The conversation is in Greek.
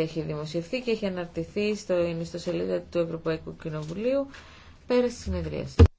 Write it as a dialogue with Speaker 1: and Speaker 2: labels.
Speaker 1: έχει δημοσιευθεί και έχει αναρτηθεί στο ιστοσελίδα του Ευρωπαϊκού Κοινοβουλίου πέρυσι συνεδρίαση.